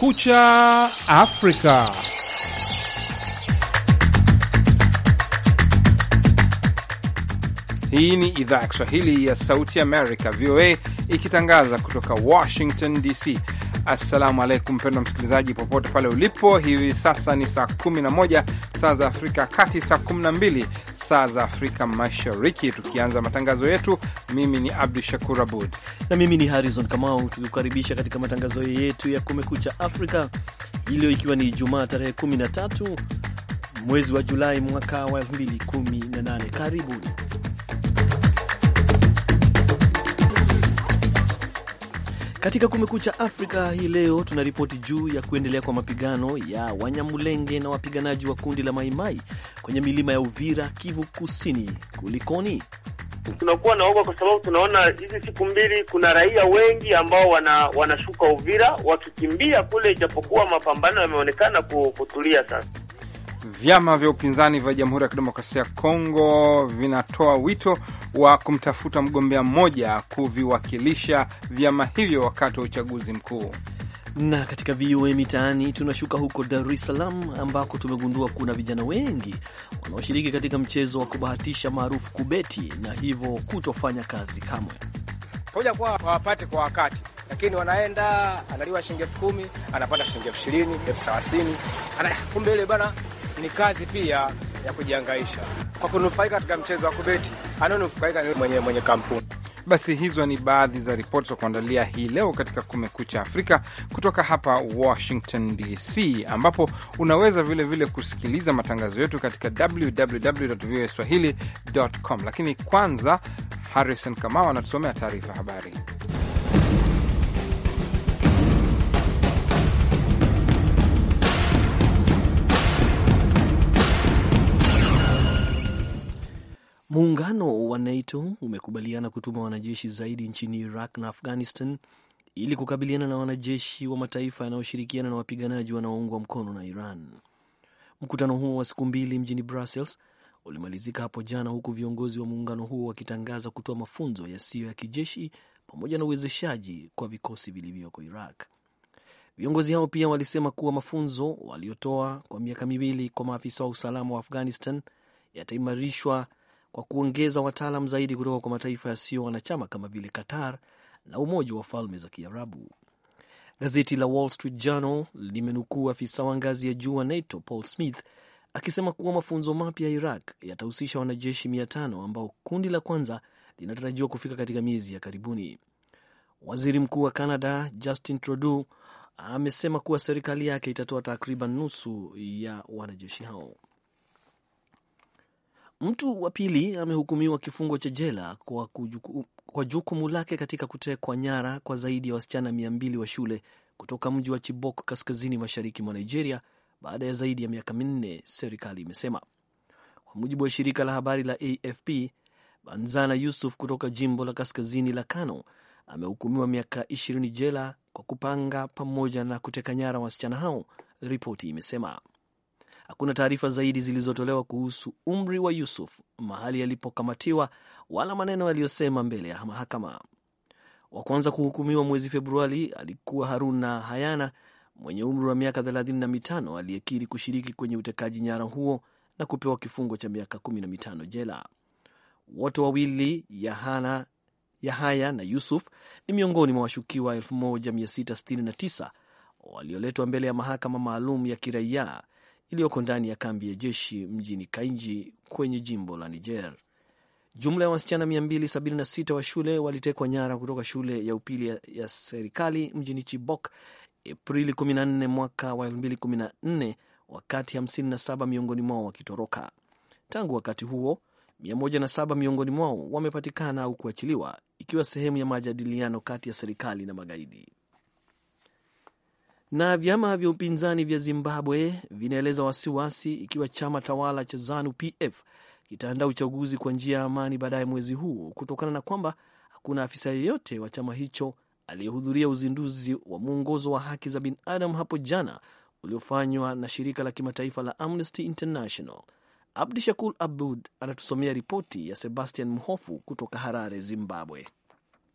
Kucha Afrika. Hii ni idhaa ya Kiswahili ya Sauti Amerika, VOA, ikitangaza kutoka Washington DC. Assalamu alaikum, mpendwa msikilizaji, popote pale ulipo. Hivi sasa ni saa 11 saa za Afrika kati, saa 12 saa za Afrika Mashariki, tukianza matangazo yetu. Mimi ni Abdu Shakur Abud na mimi ni Harrison Kamau, tukikukaribisha katika matangazo yetu ya Kumekucha Afrika iliyo ikiwa ni Ijumaa tarehe 13 mwezi wa Julai mwaka wa 2018. Karibuni. Katika Kumekucha Afrika hii leo tunaripoti juu ya kuendelea kwa mapigano ya Wanyamulenge na wapiganaji wa kundi la Maimai kwenye milima ya Uvira, Kivu Kusini. Kulikoni? Tunakuwa na woga kwa sababu tunaona hizi siku mbili kuna raia wengi ambao wana, wanashuka Uvira wakikimbia kule, ijapokuwa mapambano yameonekana kutulia sasa. Vyama vya upinzani vya Jamhuri ya Kidemokrasia ya Kongo vinatoa wito wa kumtafuta mgombea mmoja kuviwakilisha vyama hivyo wakati wa uchaguzi mkuu. Na katika VOA Mitaani tunashuka huko Dar es Salaam ambako tumegundua kuna vijana wengi wanaoshiriki katika mchezo wa kubahatisha maarufu kubeti, na hivyo kutofanya kazi kamwe hoja kuwa wawapate kwa wakati, lakini wanaenda analiwa shilingi elfu kumi anapata shilingi elfu ishirini elfu thelathini kumbe ile bana ni kazi pia ya kujihangaisha kwa kunufaika katika mchezo wa kubeti, anaonufaika ni mwenye, mwenye kampuni. Basi hizo ni baadhi za ripoti za kuandalia hii leo katika Kumekucha Afrika kutoka hapa Washington DC, ambapo unaweza vilevile vile kusikiliza matangazo yetu katika www voa swahili com. Lakini kwanza Harrison Kamau anatusomea taarifa habari. Muungano wa NATO umekubaliana kutuma wanajeshi zaidi nchini Iraq na Afghanistan ili kukabiliana na wanajeshi wa mataifa yanayoshirikiana na wapiganaji wanaoungwa mkono na Iran. Mkutano huo wa siku mbili mjini Brussels ulimalizika hapo jana, huku viongozi wa muungano huo wakitangaza kutoa mafunzo yasiyo ya kijeshi pamoja na uwezeshaji kwa vikosi vilivyoko Iraq. Viongozi hao pia walisema kuwa mafunzo waliotoa kwa miaka miwili kwa maafisa wa usalama wa Afghanistan yataimarishwa kwa kuongeza wataalam zaidi kutoka kwa mataifa yasiyo wanachama kama vile Qatar na Umoja wa Falme za Kiarabu. Gazeti la Wall Street Journal limenukuu afisa wa ngazi ya juu wa NATO Paul Smith akisema kuwa mafunzo mapya ya Iraq yatahusisha wanajeshi mia tano ambao kundi la kwanza linatarajiwa kufika katika miezi ya karibuni. Waziri Mkuu wa Canada Justin Trudeau amesema kuwa serikali yake itatoa takriban nusu ya wanajeshi hao. Mtu wa pili amehukumiwa kifungo cha jela kwa, kwa jukumu lake katika kutekwa nyara kwa zaidi ya wasichana mia mbili wa shule kutoka mji wa Chibok kaskazini mashariki mwa Nigeria baada ya zaidi ya miaka minne, serikali imesema kwa mujibu wa shirika la habari la AFP. Banzana Yusuf kutoka jimbo la kaskazini la Kano amehukumiwa miaka ishirini jela kwa kupanga pamoja na kuteka nyara wasichana hao, ripoti imesema. Hakuna taarifa zaidi zilizotolewa kuhusu umri wa Yusuf, mahali alipokamatiwa, wala maneno aliyosema mbele ya mahakama. Wa kwanza kuhukumiwa mwezi Februari alikuwa Haruna Hayana mwenye umri wa miaka 35 aliyekiri kushiriki kwenye utekaji nyara huo na kupewa kifungo cha miaka 15 jela. Wote wawili Yahana, Yahaya na Yusuf ni miongoni mwa washukiwa 1669 walioletwa mbele ya mahakama maalum ya kiraia iliyoko ndani ya kambi ya jeshi mjini Kainji kwenye jimbo la Niger. Jumla ya wasichana 276 wa shule walitekwa nyara kutoka shule ya upili ya serikali mjini Chibok Aprili 14 mwaka wa 2014, wakati 57 miongoni mwao wakitoroka. Tangu wakati huo 107 miongoni mwao wamepatikana au kuachiliwa, ikiwa sehemu ya majadiliano kati ya serikali na magaidi. Na vyama vya upinzani vya Zimbabwe vinaeleza wasiwasi ikiwa chama tawala cha ZANU PF kitaandaa uchaguzi kwa njia ya amani baadaye mwezi huu kutokana na kwamba hakuna afisa yeyote wa chama hicho aliyehudhuria uzinduzi wa mwongozo wa haki za binadamu hapo jana uliofanywa na shirika la kimataifa la Amnesty International. Abdi Shakur Abud anatusomea ripoti ya Sebastian Mhofu kutoka Harare, Zimbabwe.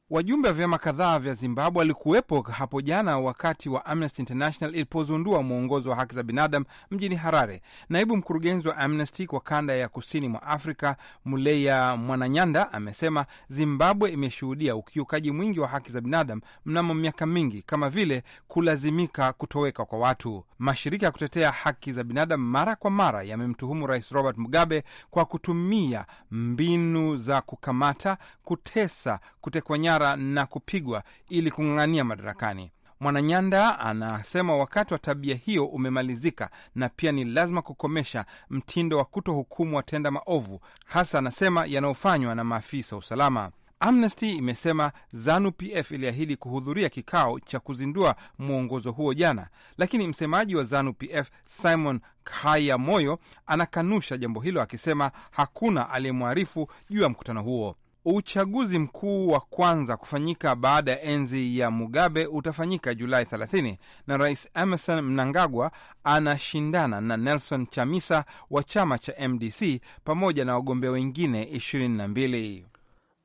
Wajumbe wa vyama kadhaa vya Zimbabwe walikuwepo hapo jana wakati wa Amnesty International ilipozundua mwongozo wa haki za binadamu mjini Harare. Naibu mkurugenzi wa Amnesty kwa kanda ya kusini mwa Afrika, Muleya Mwananyanda, amesema Zimbabwe imeshuhudia ukiukaji mwingi wa haki za binadamu mnamo miaka mingi, kama vile kulazimika kutoweka kwa watu. Mashirika ya kutetea haki za binadamu mara kwa mara yamemtuhumu Rais Robert Mugabe kwa kutumia mbinu za kukamata, kutesa, kutekwa nyara nyara na kupigwa ili kung'ang'ania madarakani. Mwananyanda anasema wakati wa tabia hiyo umemalizika na pia ni lazima kukomesha mtindo wa kutohukumu watenda maovu, hasa anasema yanayofanywa na maafisa wa usalama. Amnesty imesema Zanu-PF iliahidi kuhudhuria kikao cha kuzindua mwongozo huo jana, lakini msemaji wa Zanu-PF Simon Khayamoyo anakanusha jambo hilo, akisema hakuna aliyemwarifu juu ya mkutano huo. Uchaguzi mkuu wa kwanza kufanyika baada ya enzi ya Mugabe utafanyika Julai 30 na Rais Emerson Mnangagwa anashindana na Nelson Chamisa wa chama cha MDC pamoja na wagombea wengine 22.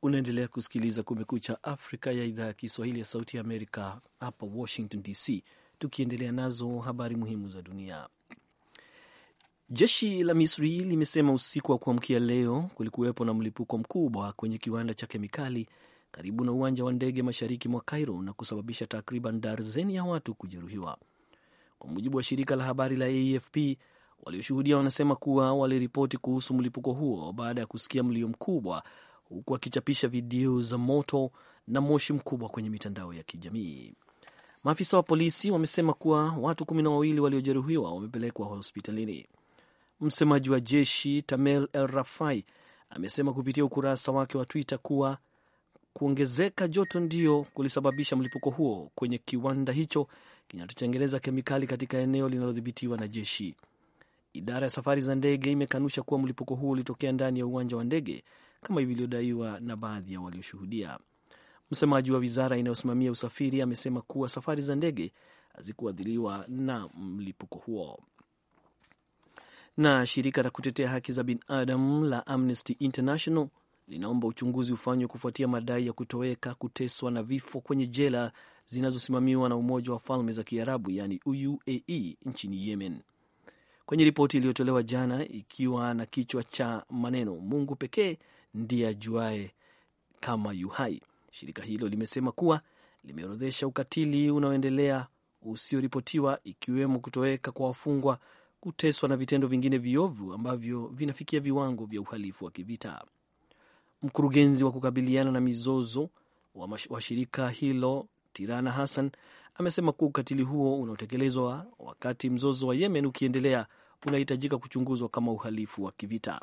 Unaendelea kusikiliza Kumekucha Afrika ya idhaa ya Kiswahili ya Sauti ya Amerika, hapa Washington DC, tukiendelea nazo habari muhimu za dunia. Jeshi la Misri limesema usiku wa kuamkia leo kulikuwepo na mlipuko mkubwa kwenye kiwanda cha kemikali karibu na uwanja wa ndege mashariki mwa Cairo na kusababisha takriban darzeni ya watu kujeruhiwa. Kwa mujibu wa shirika la habari la AFP, walioshuhudia wanasema kuwa waliripoti kuhusu mlipuko huo baada ya kusikia mlio mkubwa, huku akichapisha video za moto na moshi mkubwa kwenye mitandao ya kijamii. Maafisa wa polisi wamesema kuwa watu kumi na wawili waliojeruhiwa wamepelekwa hospitalini. Msemaji wa jeshi Tamel El Rafai amesema kupitia ukurasa wake wa Twitter kuwa kuongezeka joto ndio kulisababisha mlipuko huo kwenye kiwanda hicho kinachotengeneza kemikali katika eneo linalodhibitiwa na jeshi. Idara ya safari za ndege imekanusha kuwa mlipuko huo ulitokea ndani ya uwanja wa ndege kama ilivyodaiwa na baadhi ya walioshuhudia. Msemaji wa wizara inayosimamia usafiri amesema kuwa safari za ndege hazikuadhiriwa na mlipuko huo na shirika la kutetea haki za binadamu la Amnesty International linaomba uchunguzi ufanywe kufuatia madai ya kutoweka, kuteswa na vifo kwenye jela zinazosimamiwa na Umoja wa Falme za Kiarabu yani UAE nchini Yemen. Kwenye ripoti iliyotolewa jana ikiwa na kichwa cha maneno Mungu pekee ndiye ajuae kama yuhai, shirika hilo limesema kuwa limeorodhesha ukatili unaoendelea usioripotiwa, ikiwemo kutoweka kwa wafungwa kuteswa na vitendo vingine viovu ambavyo vinafikia viwango vya uhalifu wa kivita. Mkurugenzi wa kukabiliana na mizozo wa shirika hilo Tirana Hassan amesema kuwa ukatili huo unaotekelezwa wakati mzozo wa Yemen ukiendelea unahitajika kuchunguzwa kama uhalifu wa kivita.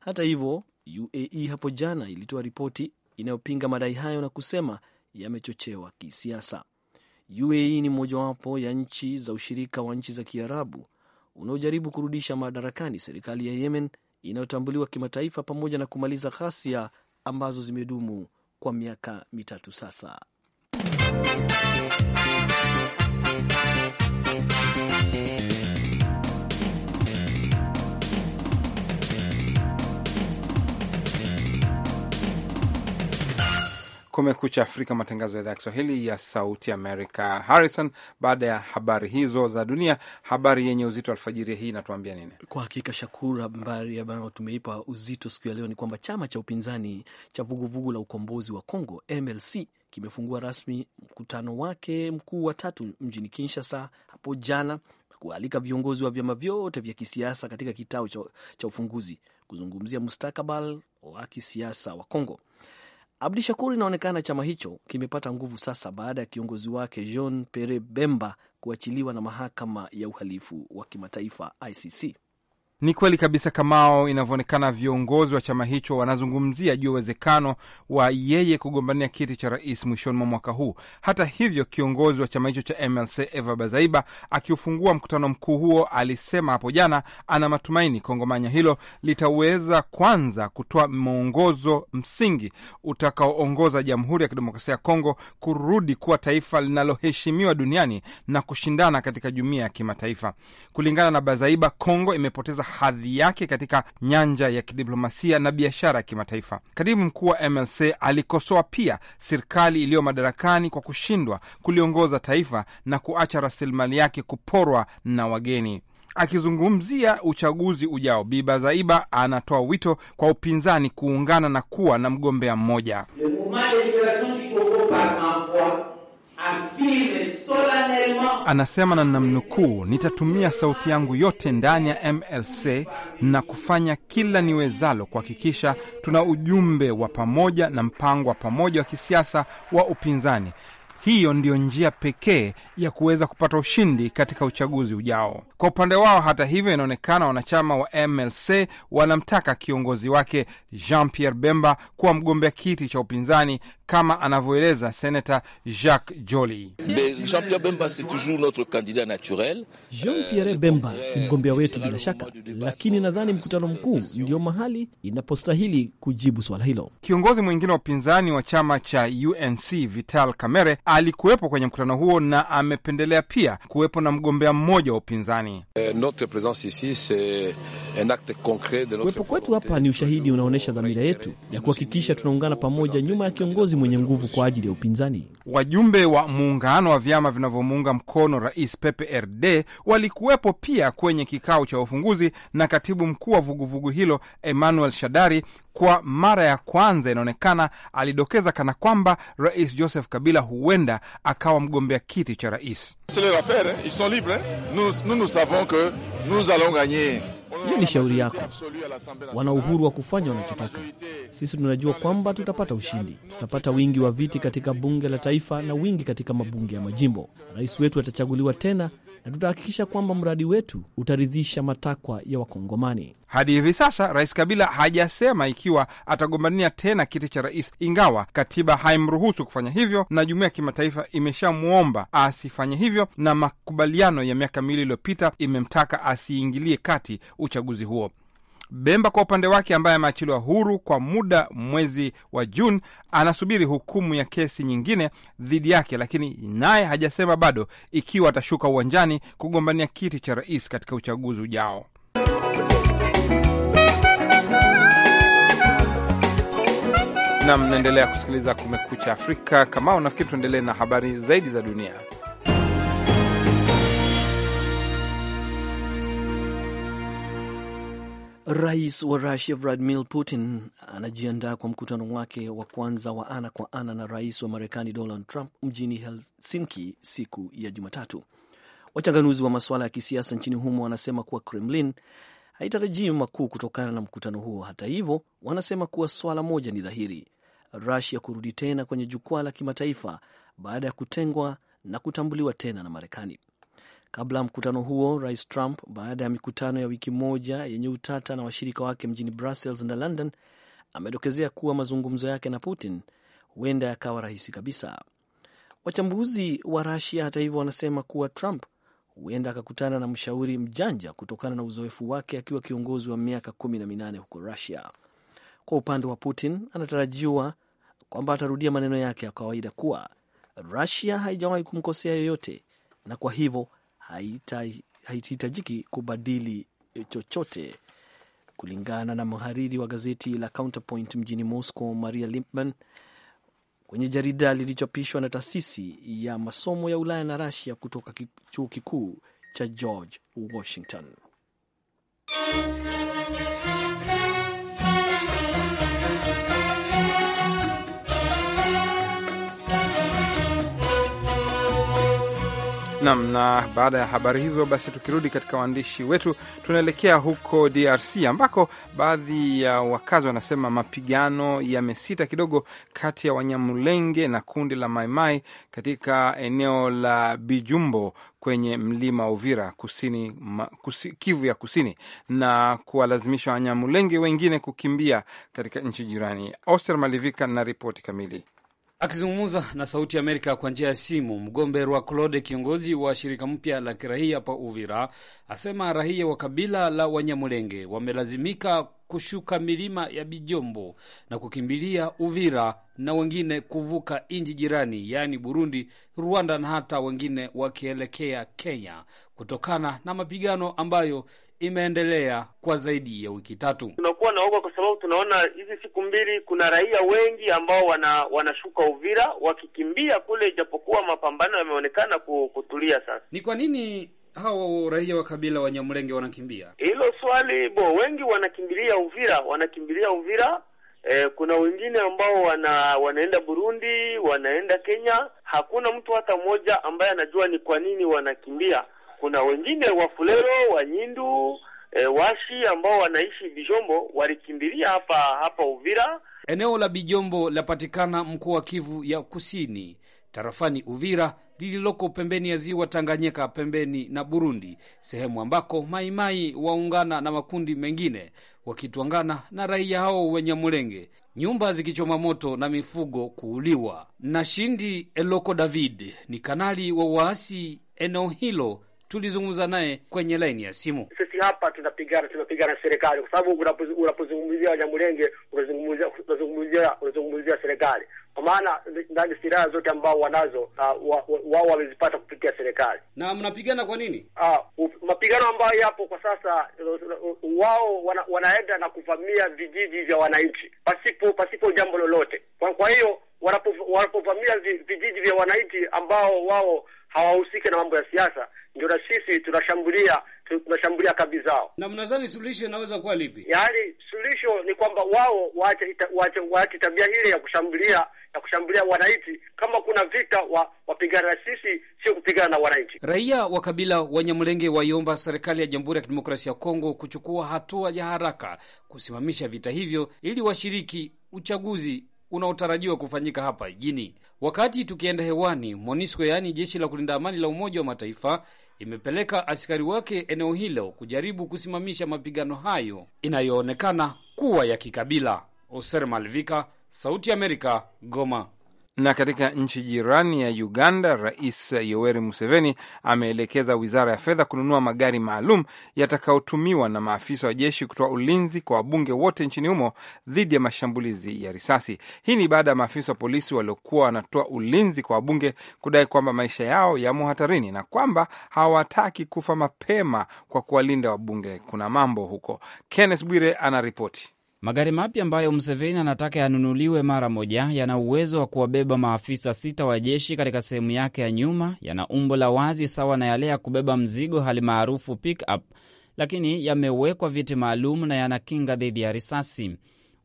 Hata hivyo, UAE hapo jana ilitoa ripoti inayopinga madai hayo na kusema yamechochewa kisiasa. UAE ni mojawapo ya nchi za ushirika wa nchi za Kiarabu unaojaribu kurudisha madarakani serikali ya Yemen inayotambuliwa kimataifa pamoja na kumaliza ghasia ambazo zimedumu kwa miaka mitatu sasa. Kumekucha Afrika, matangazo ya idhaa ya Kiswahili ya Sauti Amerika. Harrison, baada ya habari hizo za dunia, habari yenye uzito alfajiri hii inatuambia nini? Kwa hakika, Shakur, habari ambayo tumeipa uzito siku ya leo ni kwamba chama cha upinzani cha vuguvugu la ukombozi wa congo MLC kimefungua rasmi mkutano wake mkuu wa tatu mjini Kinshasa hapo jana kualika viongozi wa vyama vyote vya kisiasa katika kitao cha, cha ufunguzi kuzungumzia mustakabali wa kisiasa wa congo Abdi Shakur, inaonekana chama hicho kimepata nguvu sasa baada ya kiongozi wake Jean Pierre Bemba kuachiliwa na mahakama ya uhalifu wa kimataifa ICC. Ni kweli kabisa kamao inavyoonekana, viongozi wa chama hicho wanazungumzia juu ya uwezekano wa yeye kugombania kiti cha rais mwishoni mwa mwaka huu. Hata hivyo, kiongozi wa chama hicho cha MLC Eva Bazaiba akiufungua mkutano mkuu huo alisema hapo jana ana matumaini kongomanya hilo litaweza kwanza kutoa mwongozo msingi utakaoongoza Jamhuri ya Kidemokrasia ya Kongo kurudi kuwa taifa linaloheshimiwa duniani na kushindana katika jumuiya ya kimataifa. Kulingana na Bazaiba, Kongo imepoteza hadhi yake katika nyanja ya kidiplomasia na biashara ya kimataifa. Katibu mkuu wa MLC alikosoa pia serikali iliyo madarakani kwa kushindwa kuliongoza taifa na kuacha rasilimali yake kuporwa na wageni. Akizungumzia uchaguzi ujao, Biba Zaiba anatoa wito kwa upinzani kuungana na kuwa na mgombea mmoja. Anasema na namnukuu, nitatumia sauti yangu yote ndani ya MLC na kufanya kila niwezalo kuhakikisha tuna ujumbe wa pamoja na mpango wa pamoja wa kisiasa wa upinzani. Hiyo ndiyo njia pekee ya kuweza kupata ushindi katika uchaguzi ujao. Kwa upande wao, hata hivyo, inaonekana wanachama wa MLC wanamtaka kiongozi wake Jean Pierre Bemba kuwa mgombea kiti cha upinzani kama anavyoeleza senata Jacques Joly. Jean Pierre Bemba ni euh, mgombea wetu bila shaka, lakini nadhani mkutano mkuu ndio mahali inapostahili kujibu swala hilo. Kiongozi mwingine wa upinzani wa chama cha UNC Vital Kamerhe alikuwepo kwenye mkutano huo na amependelea pia kuwepo na mgombea mmoja wa upinzani. Euh, kuwepo kwetu hapa ni ushahidi unaonyesha dhamira yetu ya kuhakikisha tunaungana pamoja nyuma ya kiongozi kiongozi mwenye nguvu kwa ajili ya upinzani. Wajumbe wa muungano wa vyama vinavyomuunga mkono rais PPRD walikuwepo pia kwenye kikao cha ufunguzi na katibu mkuu wa vuguvugu hilo Emmanuel Shadari. Kwa mara ya kwanza inaonekana alidokeza kana kwamba rais Joseph Kabila huenda akawa mgombea kiti cha rais. Hiyo ni shauri yako, wana uhuru wa kufanya wanachotaka. Sisi tunajua kwamba tutapata ushindi, tutapata wingi wa viti katika bunge la taifa na wingi katika mabunge ya majimbo. Rais wetu atachaguliwa tena na tutahakikisha kwamba mradi wetu utaridhisha matakwa ya Wakongomani. Hadi hivi sasa Rais Kabila hajasema ikiwa atagombania tena kiti cha rais, ingawa katiba haimruhusu kufanya hivyo na jumuiya ya kimataifa imeshamwomba asifanye hivyo, na makubaliano ya miaka miwili iliyopita imemtaka asiingilie kati uchaguzi huo. Bemba kwa upande wake, ambaye ameachiliwa huru kwa muda mwezi wa Juni, anasubiri hukumu ya kesi nyingine dhidi yake, lakini naye hajasema bado ikiwa atashuka uwanjani kugombania kiti cha rais katika uchaguzi ujao. nam naendelea kusikiliza Kumekucha Afrika. Kama unafikiri tuendelee na habari zaidi za dunia. Rais wa Rusia Vladimir Putin anajiandaa kwa mkutano wake wa kwanza wa ana kwa ana na rais wa Marekani Donald Trump mjini Helsinki siku ya Jumatatu. Wachanganuzi wa masuala ya kisiasa nchini humo wanasema kuwa Kremlin haitarajii makuu kutokana na mkutano huo. Hata hivyo, wanasema kuwa swala moja ni dhahiri: Rusia kurudi tena kwenye jukwaa la kimataifa baada ya kutengwa na kutambuliwa tena na Marekani. Kabla ya mkutano huo, Rais Trump, baada ya mikutano ya wiki moja yenye utata na washirika wake mjini Brussels na London, amedokezea kuwa mazungumzo yake na Putin huenda yakawa rahisi kabisa. Wachambuzi wa Rasia, hata hivyo, wanasema kuwa Trump huenda akakutana na mshauri mjanja kutokana na uzoefu wake akiwa kiongozi wa miaka kumi na minane huko Rusia. Kwa upande wa Putin, anatarajiwa kwamba atarudia maneno yake ya kawaida kuwa Rusia haijawahi kumkosea yoyote na kwa hivyo haitahitajiki kubadili chochote, kulingana na mhariri wa gazeti la Counterpoint mjini Moscow, Maria lipman kwenye jarida lilichapishwa na taasisi ya masomo ya Ulaya na Rasia kutoka chuo kikuu cha George Washington. Nam na, baada ya habari hizo basi, tukirudi katika waandishi wetu, tunaelekea huko DRC ambako baadhi ya wakazi wanasema mapigano yamesita kidogo kati ya Wanyamulenge na kundi la Maimai katika eneo la Bijumbo kwenye mlima Uvira kusini, kusi, Kivu ya kusini na kuwalazimisha Wanyamulenge wengine kukimbia katika nchi jirani. Oster Malivika na ripoti kamili. Akizungumza na Sauti ya Amerika kwa njia ya simu, mgombe Rwa Claude, kiongozi wa shirika mpya la kirahia pa Uvira, asema rahia wa kabila la Wanyamulenge wamelazimika kushuka milima ya Bijombo na kukimbilia Uvira na wengine kuvuka nchi jirani, yaani Burundi, Rwanda na hata wengine wakielekea Kenya kutokana na mapigano ambayo imeendelea kwa zaidi ya wiki tatu. Tunakuwa na woga kwa sababu tunaona hizi siku mbili kuna raia wengi ambao wana, wanashuka Uvira wakikimbia kule, ijapokuwa mapambano yameonekana kutulia sasa. Ni kwa nini hao raia wa kabila wa Nyamulenge wanakimbia? Hilo swali bo, wengi wanakimbilia Uvira, wanakimbilia Uvira. E, kuna wengine ambao wana, wanaenda Burundi, wanaenda Kenya. Hakuna mtu hata mmoja ambaye anajua ni kwa nini wanakimbia. Kuna wengine wa Fulero, wa Nyindu, e, washi ambao wanaishi Bijombo walikimbilia hapa hapa Uvira. Eneo la Bijombo lapatikana mkoa wa Kivu ya Kusini tarafani Uvira lililoko pembeni ya ziwa Tanganyika pembeni na Burundi, sehemu ambako maimai waungana na makundi mengine wakitwangana na raia hao wenye mulenge, nyumba zikichoma moto na mifugo kuuliwa. Na Shindi Eloko David ni kanali wa waasi eneo hilo tulizungumza naye kwenye laini ya simu. Sisi hapa tunapigana, tunapigana na serikali, kwa sababu unapozungumzia Wanyamulenge unazungumzia serikali, kwa maana ndani silaha zote ambao wanazo uh, wao wamezipata kupitia serikali. Na mnapigana kwa nini? Ah, mapigano ambayo yapo kwa sasa, uh, uh, wao wanaenda na kuvamia vijiji vya wananchi pasipo pasipo jambo lolote. Kwa hiyo wanapovamia vijiji vya wananchi ambao wao hawahusiki na mambo ya siasa, ndio na sisi tunashambulia tunashambulia kambi zao. Na mnadhani suluhisho inaweza kuwa lipi? Yaani suluhisho ni kwamba wao waache waache waache tabia ile ya kushambulia ya kushambulia wananchi. Kama kuna vita wa, wapigana na sisi, sio kupigana na wananchi. Raia wa kabila Wanyamulenge waiomba serikali ya Jamhuri ya Kidemokrasia ya Kongo kuchukua hatua ya haraka kusimamisha vita hivyo ili washiriki uchaguzi unaotarajiwa kufanyika hapa jijini. Wakati tukienda hewani, MONUSCO yaani jeshi la kulinda amani la Umoja wa Mataifa imepeleka askari wake eneo hilo kujaribu kusimamisha mapigano hayo inayoonekana kuwa ya kikabila. Oser Malvika, Sauti ya Amerika, Goma. Na katika nchi jirani ya Uganda, Rais Yoweri Museveni ameelekeza wizara ya fedha kununua magari maalum yatakayotumiwa na maafisa wa jeshi kutoa ulinzi kwa wabunge wote nchini humo dhidi ya mashambulizi ya risasi. Hii ni baada ya maafisa wa polisi waliokuwa wanatoa ulinzi kwa wabunge kudai kwamba maisha yao yamo hatarini na kwamba hawataki kufa mapema kwa kuwalinda wabunge. Kuna mambo huko. Kenneth Bwire anaripoti. Magari mapya ambayo Museveni anataka yanunuliwe mara moja yana uwezo wa kuwabeba maafisa sita wa jeshi katika sehemu yake ya nyuma, yana umbo la wazi sawa na yale ya kubeba mzigo maarufu pickup, lakini yamewekwa viti maalum na yana kinga dhidi ya risasi.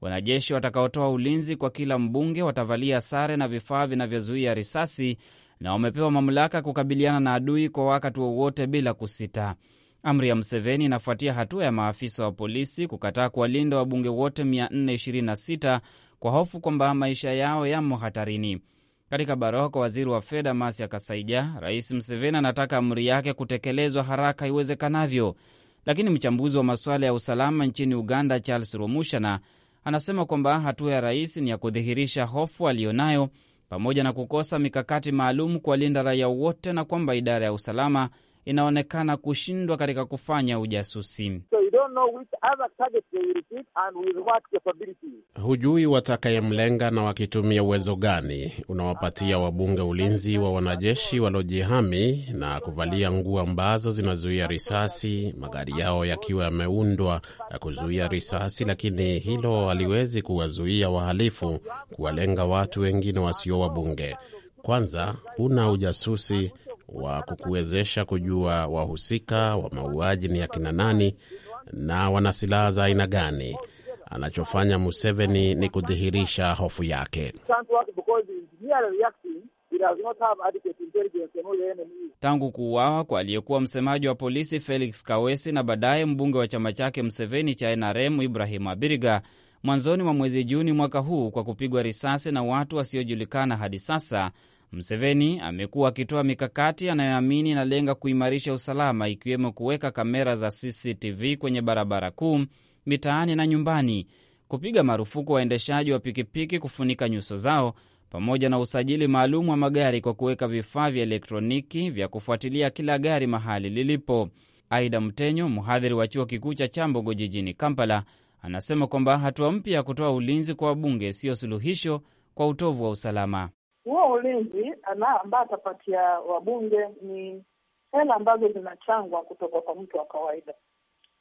Wanajeshi watakaotoa ulinzi kwa kila mbunge watavalia sare na vifaa vinavyozuia risasi na wamepewa mamlaka kukabiliana na adui kwa wakati wowote bila kusita. Amri ya mseveni inafuatia hatua ya maafisa wa polisi kukataa kuwalinda wabunge wote 426 kwa hofu kwamba maisha yao yamo hatarini. Katika barua kwa waziri wa fedha Masia Kasaija, Rais mseveni anataka amri yake kutekelezwa haraka iwezekanavyo, lakini mchambuzi wa masuala ya usalama nchini Uganda Charles Romushana anasema kwamba hatua ya rais ni ya kudhihirisha hofu aliyonayo pamoja na kukosa mikakati maalum kuwalinda raia wote na kwamba idara ya usalama inaonekana kushindwa katika kufanya ujasusi. Hujui watakayemlenga na wakitumia uwezo gani. Unawapatia wabunge ulinzi wa wanajeshi waliojihami na kuvalia nguo ambazo zinazuia risasi, magari yao yakiwa yameundwa ya kuzuia risasi, lakini hilo haliwezi kuwazuia wahalifu kuwalenga watu wengine wasio wabunge. Kwanza huna ujasusi wa kukuwezesha kujua wahusika wa mauaji ni akina nani na wana silaha za aina gani. Anachofanya Museveni ni kudhihirisha hofu yake. Tangu kuuawa kwa aliyekuwa msemaji wa polisi Felix Kawesi na baadaye mbunge wa chama chake Mseveni cha NRM ibrahimu Abiriga mwanzoni mwa mwezi Juni mwaka huu kwa kupigwa risasi na watu wasiojulikana hadi sasa, mseveni amekuwa akitoa mikakati anayoamini inalenga kuimarisha usalama, ikiwemo kuweka kamera za CCTV kwenye barabara kuu, mitaani na nyumbani, kupiga marufuku waendeshaji wa pikipiki kufunika nyuso zao, pamoja na usajili maalum wa magari kwa kuweka vifaa vya elektroniki vya kufuatilia kila gari mahali lilipo. Aida Mtenyo, mhadhiri wa chuo kikuu cha Chambogo jijini Kampala, anasema kwamba hatua mpya ya kutoa ulinzi kwa wabunge siyo suluhisho kwa utovu wa usalama huo ulinzi ana ambaye atapatia wabunge ni hela ambazo zinachangwa kutoka kwa mtu wa kawaida.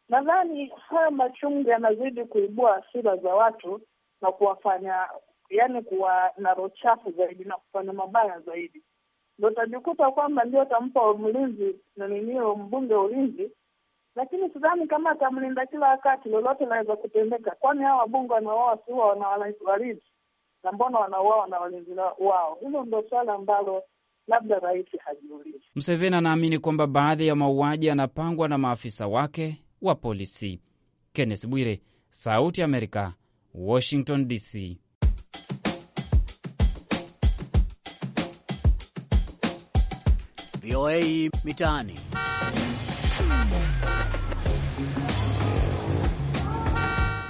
Nadhani haya machungu yanazidi kuibua hasira za watu na kuwafanya yani, kuwa na roho chafu zaidi na kufanya mabaya zaidi. Ndo utajikuta kwamba ndio tampa mlinzi na ninio mbunge wa ulinzi, lakini sidhani kama atamlinda kila wakati. Lolote linaweza kutendeka, kwani hawa wabunge wanaoa si huwa walinzi na mbona wanauawa na walinzi wao? Hilo ndio swala ambalo labda rais hajiulizi. mseveni anaamini kwamba baadhi ya mauaji yanapangwa na maafisa wake wa polisi. Kenneth Bwire, Sauti ya Amerika, Washington DC. VOA Mitaani.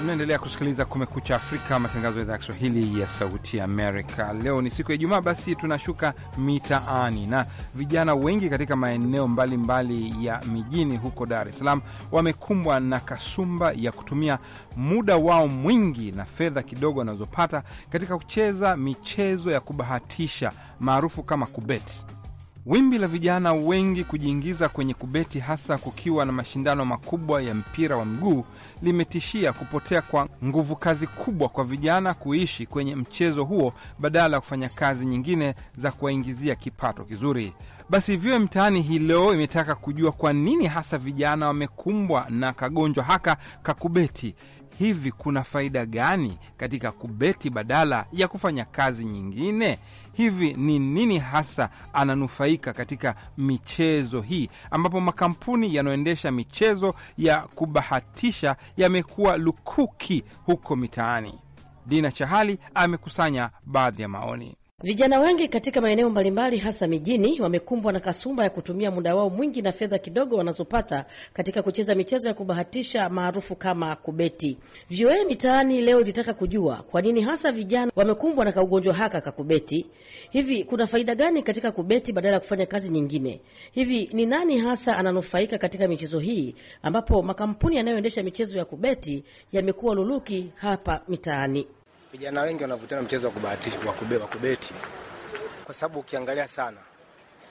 unaendelea kusikiliza Kumekucha Afrika, matangazo ya idhaa ya Kiswahili ya Sauti ya Amerika. Leo ni siku ya Ijumaa, basi tunashuka mitaani, na vijana wengi katika maeneo mbalimbali mbali ya mijini huko Dar es Salaam wamekumbwa na kasumba ya kutumia muda wao mwingi na fedha kidogo wanazopata katika kucheza michezo ya kubahatisha maarufu kama kubeti. Wimbi la vijana wengi kujiingiza kwenye kubeti, hasa kukiwa na mashindano makubwa ya mpira wa miguu, limetishia kupotea kwa nguvu kazi kubwa kwa vijana kuishi kwenye mchezo huo badala ya kufanya kazi nyingine za kuwaingizia kipato kizuri. Basi vyoe mtaani hii leo imetaka kujua kwa nini hasa vijana wamekumbwa na kagonjwa haka kakubeti hivi kuna faida gani katika kubeti badala ya kufanya kazi nyingine? Hivi ni nini hasa ananufaika katika michezo hii, ambapo makampuni yanayoendesha michezo ya kubahatisha yamekuwa lukuki huko mitaani? Dina Chahali amekusanya baadhi ya maoni. Vijana wengi katika maeneo mbalimbali hasa mijini wamekumbwa na kasumba ya kutumia muda wao mwingi na fedha kidogo wanazopata katika kucheza michezo ya kubahatisha maarufu kama kubeti. VOA Mitaani leo ilitaka kujua kwa nini hasa vijana wamekumbwa na kaugonjwa haka ka kubeti. Hivi kuna faida gani katika kubeti badala ya kufanya kazi nyingine? Hivi ni nani hasa ananufaika katika michezo hii, ambapo makampuni yanayoendesha michezo ya kubeti yamekuwa luluki hapa mitaani? Vijana wengi wanavutia na mchezo wa kubahatisha, wa kubeti, kwa sababu ukiangalia sana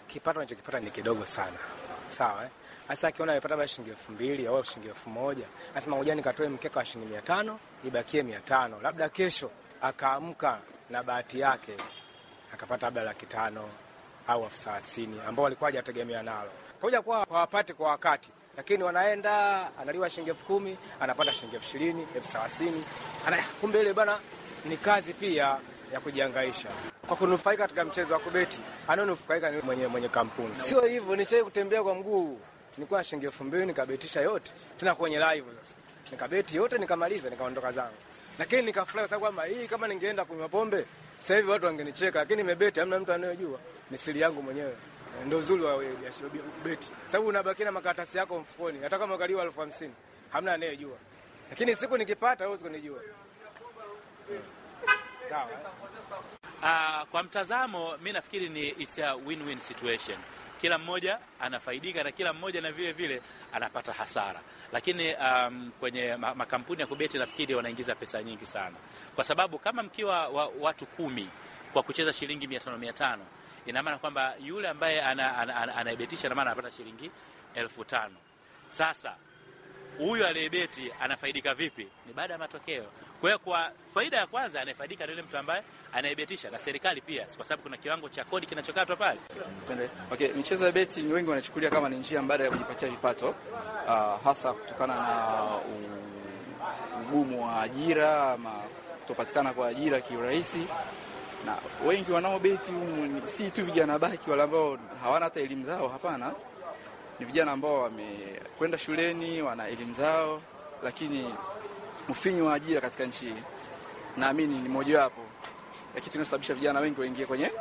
kipato anachokipata ni kidogo sana, sawa eh? Asa akiona amepata labda shilingi elfu mbili au shilingi elfu moja anasema ngoja nikatoe mkeka wa shilingi mia tano ibakie mia tano labda kesho akaamka na bahati yake akapata labda laki tano au elfu thelathini ambao walikuwa hajategemea nalo, pamoja kuwa hawapati kwa wakati, lakini wanaenda analiwa shilingi elfu kumi anapata shilingi elfu ishirini elfu thelathini kumbe ile bana ni kazi pia ya kujihangaisha kwa kunufaika katika mchezo wa kubeti. Anaonufaika ni mwenye, mwenye kampuni. Sio hivyo, nishai kutembea kwa mguu, nilikuwa na shilingi elfu mbili nikabetisha yote, tena kwenye live sasa, nikabeti yote nikamaliza, nikaondoka zangu, lakini nikafurahi kwa kwamba hii, kama ningeenda kunywa pombe sasa hivi watu wangenicheka, lakini nimebeti, hamna mtu anayejua, ni siri yangu mwenyewe. Ndo uzuri wa beti, sababu unabaki na makaratasi yako mfukoni, hata kama ukaliwa elfu hamsini hamna anayejua, lakini siku nikipata huwezi kunijua. Uh, kwa mtazamo mi nafikiri ni it's a win-win situation. Kila mmoja anafaidika na kila mmoja na vile vile anapata hasara, lakini um, kwenye makampuni ya kubeti nafikiri wanaingiza pesa nyingi sana, kwa sababu kama mkiwa wa, watu kumi kwa kucheza shilingi mia tano mia tano ina maana kwamba yule ambaye anaibetisha ana, ana, ana, ana maana anapata shilingi elfu tano. Sasa huyu aliyebeti anafaidika vipi? Ni baada ya matokeo. Kwa hiyo kwa faida ya kwanza anayefaidika ni yule mtu ambaye anayebetisha na serikali pia, kwa sababu kuna kiwango cha kodi kinachokatwa pale. Okay, michezo ya beti wengi wanachukulia kama ni njia mbadala ya kujipatia vipato, uh, hasa kutokana na ugumu wa ajira ama kutopatikana kwa ajira kiurahisi na wengi wanaobeti um, si tu vijana baki wale ambao hawana hata elimu zao. Hapana, ni vijana ambao wamekwenda shuleni, wana elimu zao, lakini ufinyu wa ajira katika nchi hii, naamini ni mojawapo ya kitu kinachosababisha vijana wengi waingie kwenye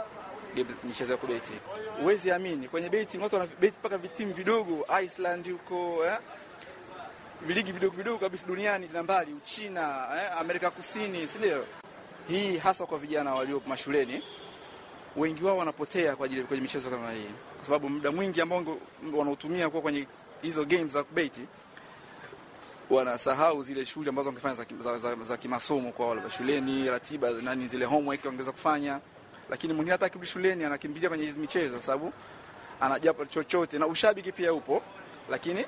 michezo ya kubeti. Huwezi amini, kwenye beti watu wanabeti mpaka vitimu vidogo Iceland huko eh? viligi vidogo vidogo kabisa duniani na mbali Uchina eh? Amerika Kusini, si ndio? Hii hasa kwa vijana walio mashuleni, wengi wao wanapotea kwa ajili kwenye michezo kama hii, kwa sababu muda mwingi ambao wanautumia kuwa kwenye hizo games za kubeti wanasahau zile shughuli ambazo wangefanya za, za, za, za kimasomo kwao, shuleni, ratiba nani, zile homework wangeweza kufanya, lakini mwingine hata akirudi shuleni anakimbilia kwenye hizi michezo, kwa sababu anajapo chochote na ushabiki pia upo, lakini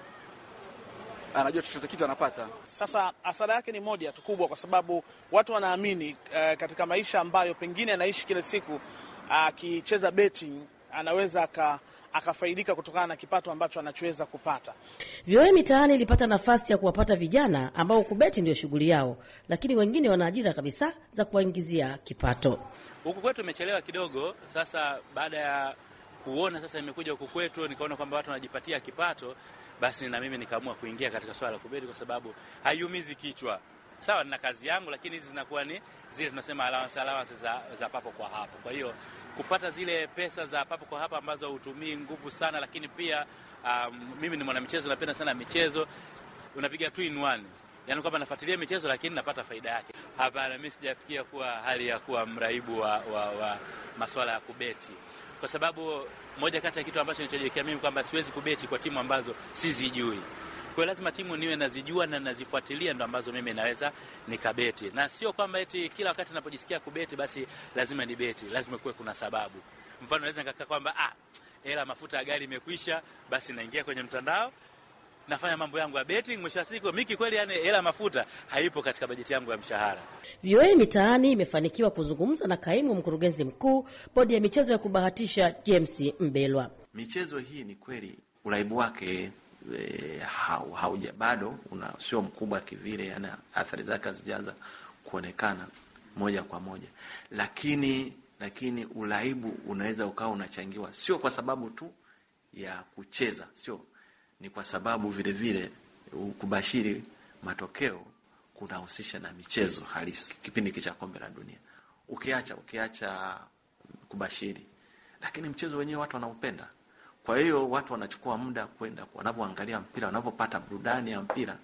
anajua chochote kitu anapata. Sasa hasara yake ni moja tu kubwa, kwa sababu watu wanaamini uh, katika maisha ambayo pengine anaishi kila siku akicheza uh, betting anaweza aka akafaidika kutokana na kipato ambacho anachoweza kupata. Vyoe mitaani ilipata nafasi ya kuwapata vijana ambao kubeti ndio shughuli yao, lakini wengine wana ajira kabisa za kuwaingizia kipato. Huku kwetu imechelewa kidogo. Sasa baada ya kuona sasa imekuja huku kwetu, nikaona kwamba watu wanajipatia kipato, basi na mimi nikaamua kuingia katika swala la kubeti, kwa sababu haiumizi kichwa. Sawa, nina kazi yangu, lakini hizi zinakuwa ni zile tunasema allowance, allowance za, za papo kwa hapo, kwa hiyo kupata zile pesa za papo kwa hapa ambazo hutumii nguvu sana, lakini pia um, mimi ni mwanamichezo, napenda sana michezo, unapiga two in one yaani kwamba nafuatilia michezo lakini napata faida yake. Hapana, mi sijafikia kuwa hali ya kuwa mraibu wa, wa, wa maswala ya kubeti, kwa sababu moja kati ya kitu ambacho nichojiwekea mimi kwamba siwezi kubeti kwa timu ambazo sizijui. Kwa hiyo lazima timu niwe nazijua na nazifuatilia, ndo ambazo mimi naweza nikabeti, na sio kwamba eti kila wakati napojisikia kubeti basi lazima nibeti. Lazima kuwe kuna sababu. Mfano naweza nikakaa kwamba ah, hela mafuta ya gari imekwisha, basi naingia kwenye mtandao nafanya mambo yangu ya betting. Mwisho wa siku miki kweli, yani hela mafuta haipo katika bajeti yangu ya mshahara. VOA Mitaani imefanikiwa kuzungumza na kaimu mkurugenzi mkuu bodi ya michezo ya kubahatisha James Mbelwa. Michezo hii ni kweli uraibu wake e, hauja bado una sio mkubwa kivile, yani athari zake hazijaanza kuonekana moja kwa moja, lakini lakini uraibu unaweza ukawa unachangiwa sio kwa sababu tu ya kucheza, sio ni kwa sababu vilevile vile, kubashiri matokeo kunahusisha na michezo halisi. Kipindi cha kombe la dunia ukiacha ukiacha kubashiri, lakini mchezo wenyewe watu wanaupenda kwa hiyo watu wanachukua muda kwenda wanavyoangalia mpira, wanavyopata burudani ya mpira,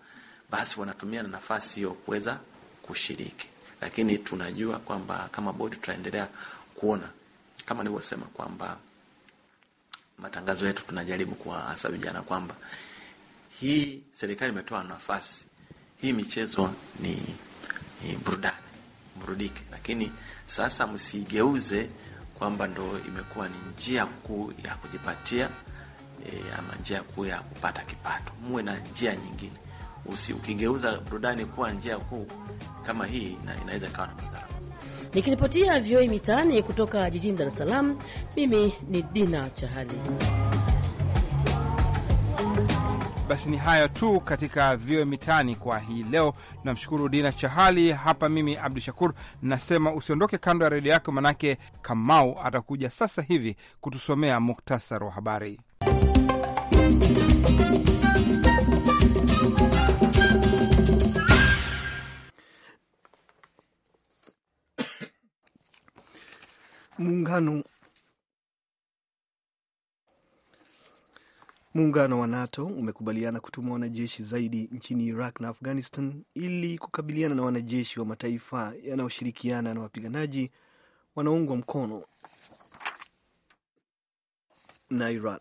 basi wanatumia na nafasi hiyo kuweza kushiriki. Lakini tunajua kwamba kama bodi tutaendelea kuona kama nilivyosema kwamba matangazo yetu tunajaribu kuwahasa vijana kwamba hii serikali imetoa nafasi hii, michezo ni, ni burudani, mrudike, lakini sasa msigeuze kwamba ndo imekuwa ni njia kuu ya kujipatia e, ama njia kuu ya kupata kipato. Muwe na njia nyingine. Usi, ukigeuza burudani kuwa njia kuu kama hii na inaweza ikawa na madhara. Nikiripotia vioi mitaani kutoka jijini Dar es Salaam, mimi ni Dina Chahali. Basi ni hayo tu katika vioe mitaani kwa hii leo. Namshukuru Dina Chahali hapa. Mimi Abdu Shakur nasema usiondoke kando ya redio yako, manake Kamau atakuja sasa hivi kutusomea muktasar wa habari. Muungano Muungano wa NATO umekubaliana kutuma wanajeshi zaidi nchini Iraq na Afghanistan ili kukabiliana na wanajeshi wa mataifa yanayoshirikiana na wapiganaji wanaungwa mkono na Iran.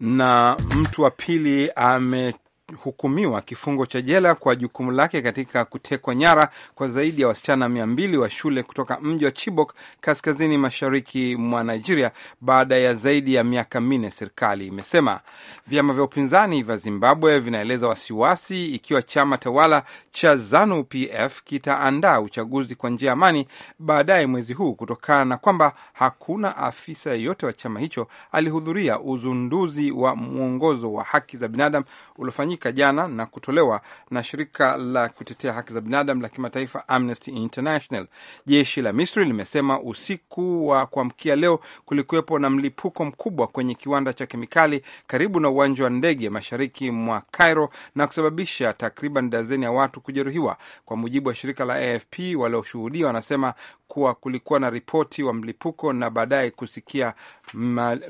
Na mtu wa pili ame hukumiwa kifungo cha jela kwa jukumu lake katika kutekwa nyara kwa zaidi ya wasichana mia mbili wa shule kutoka mji wa Chibok kaskazini mashariki mwa Nigeria baada ya zaidi ya miaka minne, serikali imesema. Vyama vya upinzani vya Zimbabwe vinaeleza wasiwasi ikiwa chama tawala cha ZANU PF kitaandaa uchaguzi kwa njia ya amani baadaye mwezi huu kutokana na kwamba hakuna afisa yeyote wa chama hicho alihudhuria uzunduzi wa mwongozo wa haki za binadamu uliofanyika kufanyika jana na kutolewa na shirika la kutetea haki za binadamu la kimataifa Amnesty International. Jeshi la Misri limesema usiku wa kuamkia leo kulikuwepo na mlipuko mkubwa kwenye kiwanda cha kemikali karibu na uwanja wa ndege mashariki mwa Cairo na kusababisha takriban dazeni ya watu kujeruhiwa. Kwa mujibu wa shirika la AFP, walioshuhudia wanasema kuwa kulikuwa na ripoti wa mlipuko na baadaye kusikia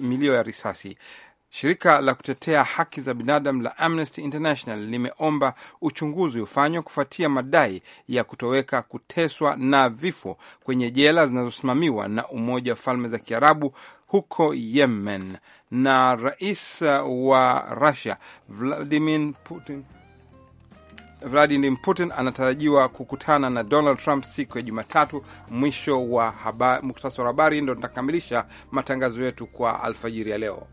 milio ya risasi. Shirika la kutetea haki za binadamu la Amnesty International limeomba uchunguzi ufanywe kufuatia madai ya kutoweka, kuteswa na vifo kwenye jela zinazosimamiwa na Umoja wa Falme za Kiarabu huko Yemen. Na rais uh, wa Russia Vladimir Putin Vladimir Putin anatarajiwa kukutana na Donald Trump siku ya Jumatatu. Mwisho wa muktasari wa habari, ndo tunakamilisha matangazo yetu kwa alfajiri ya leo.